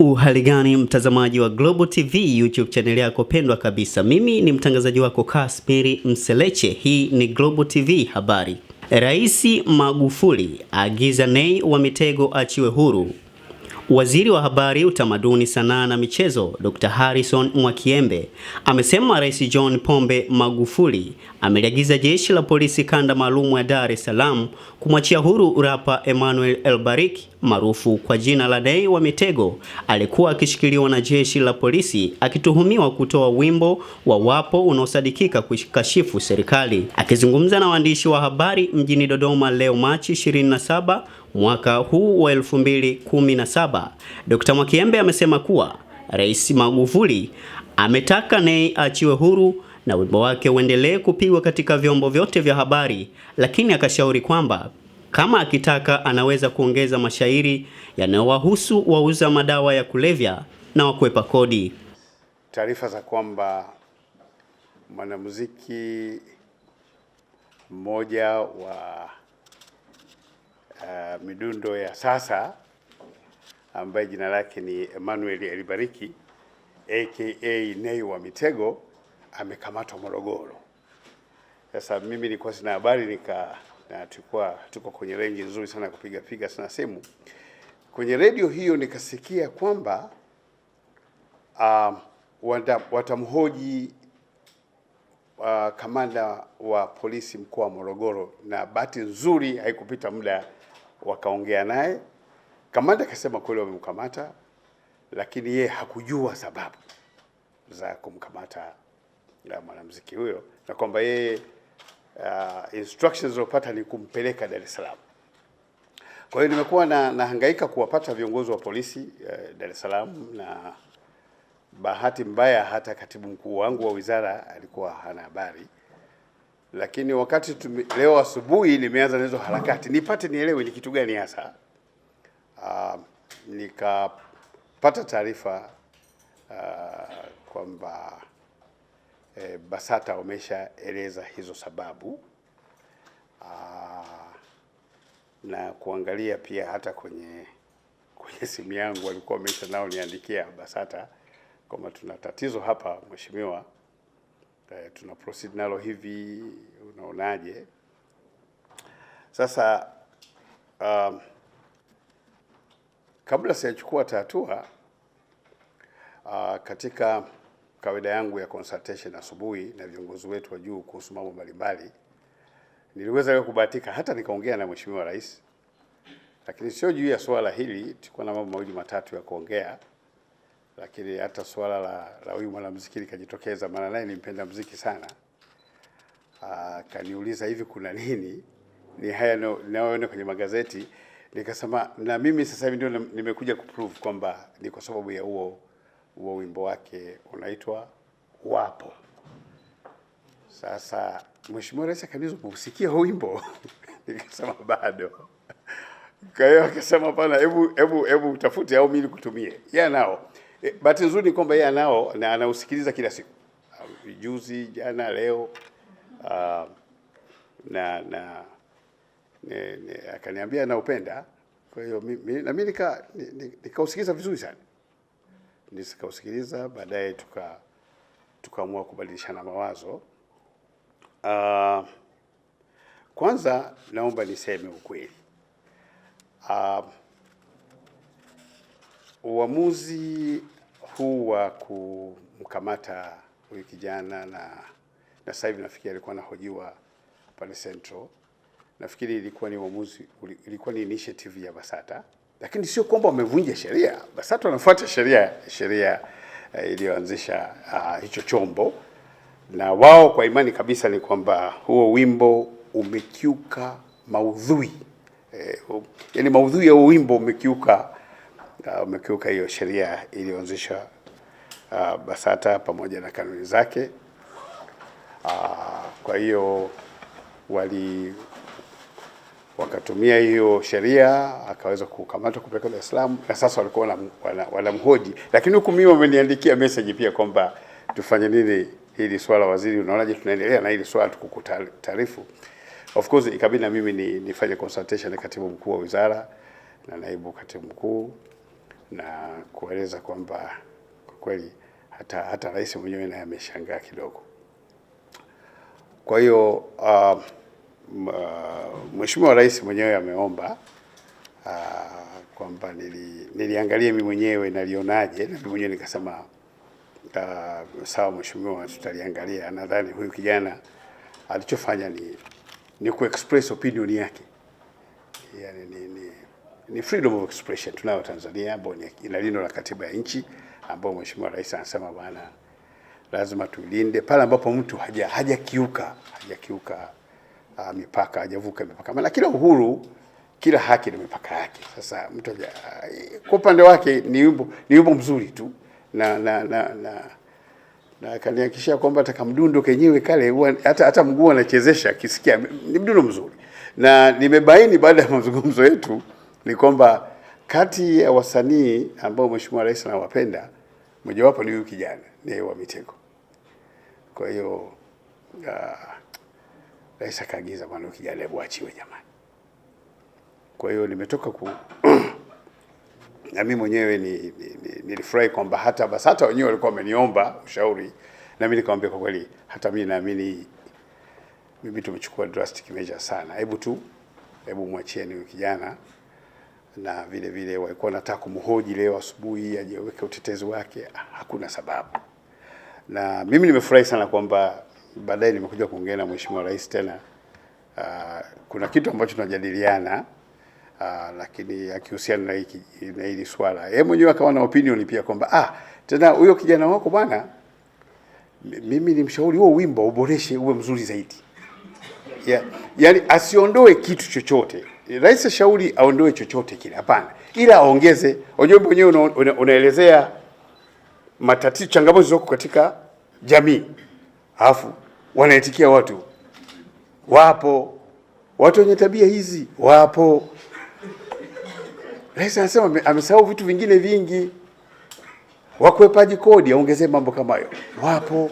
Uhali gani mtazamaji wa Global TV YouTube channel yako pendwa kabisa. Mimi ni mtangazaji wako Kasmiri Mseleche. Hii ni Global TV habari. Rais Magufuli agiza Nay wa Mitego achiwe huru. Waziri wa Habari, Utamaduni, Sanaa na Michezo, Dr. Harrison Mwakiembe amesema Rais John Pombe Magufuli ameliagiza Jeshi la Polisi Kanda Maalum ya Dar es Salaam kumwachia huru rapa Emmanuel Elbarik maarufu kwa jina la Day wa Mitego alikuwa akishikiliwa na Jeshi la Polisi akituhumiwa kutoa wimbo wa WAPO unaosadikika kukashifu serikali. Akizungumza na waandishi wa habari mjini Dodoma leo Machi 27 mwaka huu wa 2017. Dkt. Mwakiembe amesema kuwa Rais Magufuli ametaka Nay achiwe huru na wimbo wake uendelee kupigwa katika vyombo vyote vya habari, lakini akashauri kwamba kama akitaka anaweza kuongeza mashairi yanayowahusu wauza madawa ya kulevya na wakwepa kodi. Taarifa za kwamba mwanamuziki mmoja wa midundo ya sasa ambaye jina lake ni Emmanuel Elibariki aka Nay wa Mitego amekamatwa Morogoro. Sasa mimi nilikuwa sina habari nika na tuko kwenye renji nzuri sana ya kupiga piga sana simu kwenye redio hiyo, nikasikia kwamba um, watamhoji uh, kamanda wa polisi mkoa wa Morogoro, na bahati nzuri haikupita muda wakaongea naye, kamanda akasema kweli wamemkamata, lakini yeye hakujua sababu za kumkamata mwanamuziki huyo na kwamba yeye uh, instructions zilizopata ni kumpeleka Dar es Salaam. Kwa hiyo nimekuwa na nahangaika kuwapata viongozi wa polisi uh, Dar es Salaam, na bahati mbaya hata katibu mkuu wangu wa wizara alikuwa hana habari lakini wakati tumi, leo asubuhi nimeanza nazo harakati nipate nielewe ni kitu gani hasa. Uh, nikapata taarifa uh, kwamba eh, BASATA wameshaeleza hizo sababu uh, na kuangalia pia hata kwenye kwenye simu yangu walikuwa wamesha nao niandikia BASATA kwamba tuna tatizo hapa mheshimiwa eh, tuna proceed nalo hivi, unaonaje? Sasa um, kabla sijachukua tatua uh, katika kawaida yangu ya consultation asubuhi na viongozi wetu wa juu kuhusu mambo mbalimbali, niliweza kubahatika hata nikaongea na Mheshimiwa Rais, lakini sio juu ya suala hili. Tulikuwa na mambo mawili matatu ya kuongea lakini hata suala la, la huyu mwanamuziki likajitokeza, maana naye nimpenda muziki sana. Ah, akaniuliza hivi kuna nini, ni haya ninayoona kwenye magazeti. Nikasema na mimi sasa hivi ndio nimekuja kuprove kwamba ni kwa sababu ya huo huo wimbo wake unaitwa Wapo. Sasa Mheshimiwa Rais akaniuliza usikia huo wimbo nikasema bado. Kwa hiyo akasema pana, hebu hebu hebu utafute au mimi nikutumie. Yeah, nao Eh, bahati nzuri ni kwamba yeye anao na anausikiliza kila siku, um, juzi, jana, leo uh, na na akaniambia anaupenda. Kwa hiyo na mimi nika nikausikiliza vizuri sana, nikausikiliza baadaye, tuka tukaamua kubadilishana mawazo. Uh, kwanza naomba niseme ukweli uh, Uamuzi huu wa kumkamata huyu kijana na na sasa hivi nafikiri alikuwa anahojiwa pale Central, nafikiri ilikuwa ni uamuzi, ilikuwa ni initiative ya BASATA, lakini sio kwamba wamevunja sheria. BASATA wanafuata sheria sheria uh, iliyoanzisha uh, hicho chombo, na wao kwa imani kabisa ni kwamba huo wimbo umekiuka maudhui eh, um, yani maudhui ya wimbo umekiuka Ah, umekiuka hiyo sheria iliyoanzisha uh, BASATA pamoja na kanuni zake uh, kwa hiyo wali wakatumia hiyo sheria akaweza kukamatwa kupeleka Dar es Salaam, na sasa walikuwa wanamhoji wana, wana lakini huku mimi wameniandikia message pia kwamba tufanye nini hili swala, waziri, unaonaje tunaendelea na hili swala, tukukutaarifu. Of course ikabidi na mimi ni, nifanye consultation na katibu mkuu wa wizara na naibu katibu mkuu na kueleza kwamba kwa kweli hata, hata rais mwenyewe naye ameshangaa kidogo. Kwa hiyo uh, uh Mheshimiwa Rais mwenyewe ameomba uh, kwamba nili, niliangalia mimi mwenyewe nalionaje, na mimi mwenyewe nikasema uh, sawa mheshimiwa, tutaliangalia. Nadhani huyu kijana alichofanya ni, ni ku express opinion yake yani, ni, ni, ni freedom of expression tunayo Tanzania, ambayo inalindwa na katiba ya nchi, ambayo mheshimiwa rais anasema bwana, lazima tuilinde pale ambapo mtu haja hajakiuka hajakiuka uh, mipaka hajavuka mipaka, maana kila uhuru kila haki na mipaka yake. Sasa mtu uh, kwa upande wake ni wimbo ni wimbo mzuri tu na na na, na na kanihakikishia kwamba hata kamdundo kenyewe kale huwa hata hata mguu anachezesha akisikia, ni mdundo mzuri, na nimebaini baada ya mazungumzo yetu ni kwamba kati ya wasanii ambao Mheshimiwa Rais anawapenda mojawapo ni huyu kijana ni wa Mitego. Kwa hiyo uh, Rais akaagiza bwana, kijana hebu achiwe jamani. Kwa hiyo nimetoka ku na mimi mwenyewe nilifurahi ni, ni, kwamba hata BASATA wenyewe walikuwa wameniomba ushauri, mimi nikamwambia kwa kweli, hata mimi naamini mimi tumechukua drastic measure sana, hebu tu hebu mwachieni huyu kijana na vile vile walikuwa wanataka kumhoji leo asubuhi ajeweke utetezi wake, hakuna sababu. Na mimi nimefurahi sana kwamba baadaye nimekuja kuongea na Mheshimiwa Rais tena. Uh, kuna kitu ambacho tunajadiliana uh, lakini akihusiana na hili na hili swala, yeye mwenyewe akawa na opinion pia kwamba ah, tena huyo kijana wako bwana, mimi nimshauri huo wimbo uboreshe uwe mzuri zaidi, yeah. Yani asiondoe kitu chochote rais shauri aondoe chochote kile, hapana, ila aongeze. Ujumbe wenyewe una, una, unaelezea matatizo, changamoto zilizoko katika jamii, alafu wanaitikia watu. Wapo watu wenye tabia hizi, wapo. Rais anasema amesahau vitu vingine vingi, wakwepaji kodi, aongezee mambo kama hayo, wapo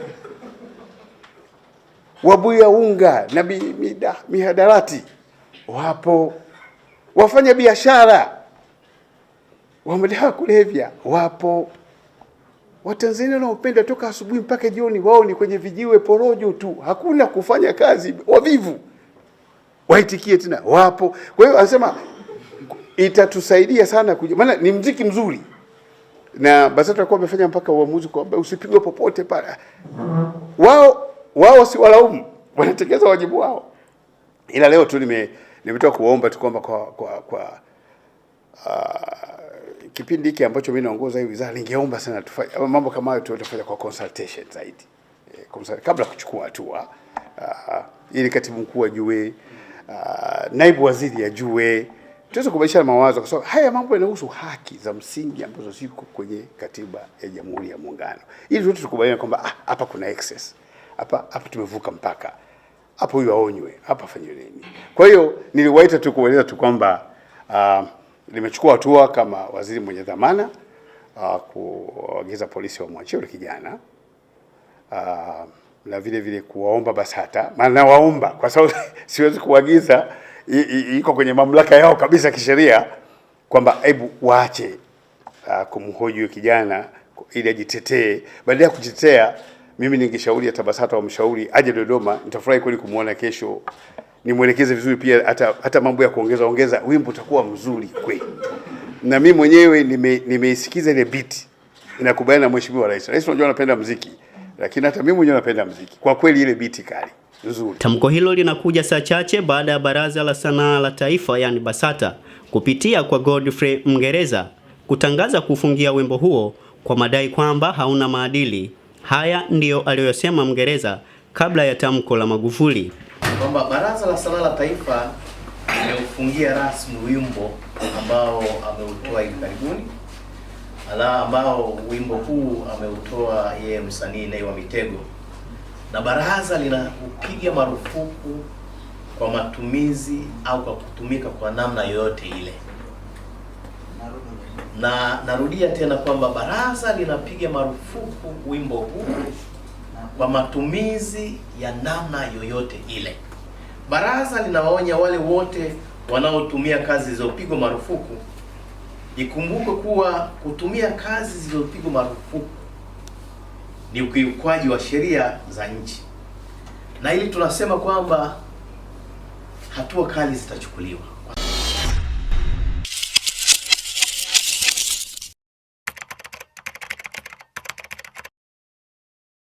wabuya unga na mihadarati wapo wafanya biashara wamelewa kulevya wapo. Watanzania wanaopenda toka asubuhi mpaka jioni, wao ni kwenye vijiwe porojo tu, hakuna kufanya kazi, wavivu. Waitikie tena, wapo. Kwa hiyo anasema itatusaidia sana kujua, maana ni mziki mzuri na BASATA walikuwa amefanya mpaka uamuzi kwamba usipigwe popote pale. Wao wao si walaumu, wanatekeleza wajibu wao, ila leo tu nime nimetoka kuomba tu kwamba kwa, kwa, kwa uh, kipindi hiki ambacho mimi naongoza hii wizara ningeomba sana tufanye mambo kama hayo tutafanya kwa consultation zaidi e, kabla kuchukua hatua uh, ili katibu mkuu ajue uh, naibu waziri ajue tuweze kubadilishana mawazo kwa sababu haya mambo yanahusu haki za msingi ambazo ziko kwenye katiba ya Jamhuri ya Muungano, ili tuweze tukubaliane kwamba hapa ah, kuna excess hapa hapa tumevuka mpaka hapo huyu aonywe, hapa afanywe nini? Kwa hiyo niliwaita tu kueleza tu kwamba uh, nimechukua hatua kama waziri mwenye dhamana uh, kuagiza polisi wamwachie yule kijana uh, na vile vile kuwaomba BASATA, maana nawaomba kwa sababu siwezi kuagiza, iko kwenye mamlaka yao kabisa kisheria kwamba hebu waache uh, kumhoji kijana ili ajitetee, badala ya kujitetea mimi ningeshauri hata BASATA wamshauri aje Dodoma, nitafurahi kweli kumuona kesho, nimwelekeze vizuri pia hata, hata mambo ya kuongeza ongeza wimbo utakuwa mzuri kweli. Na mimi mwenyewe nime, ile beat inakubaliana na mheshimiwa rais. Rais unajua anapenda muziki, lakini hata mimi mwenyewe napenda muziki kwa kweli, ile beat kali nzuri. Tamko hilo linakuja saa chache baada ya Baraza la Sanaa la Taifa yani BASATA kupitia kwa Godfrey Mngereza kutangaza kufungia wimbo huo kwa madai kwamba hauna maadili. Haya ndiyo aliyosema Mngereza kabla ya tamko la Magufuli kwamba Baraza la Sanaa la Taifa limeufungia rasmi wimbo ambao ameutoa hivi karibuni, ala, ambao wimbo huu ameutoa yeye msanii Nay wa Mitego, na baraza linaupiga marufuku kwa matumizi au kwa kutumika kwa namna yoyote ile na narudia tena kwamba baraza linapiga marufuku wimbo huu kwa matumizi ya namna yoyote ile. Baraza linawaonya wale wote wanaotumia kazi zilizopigwa marufuku. Ikumbukwe kuwa kutumia kazi zilizopigwa marufuku ni ukiukwaji wa sheria za nchi, na ili tunasema kwamba hatua kali zitachukuliwa.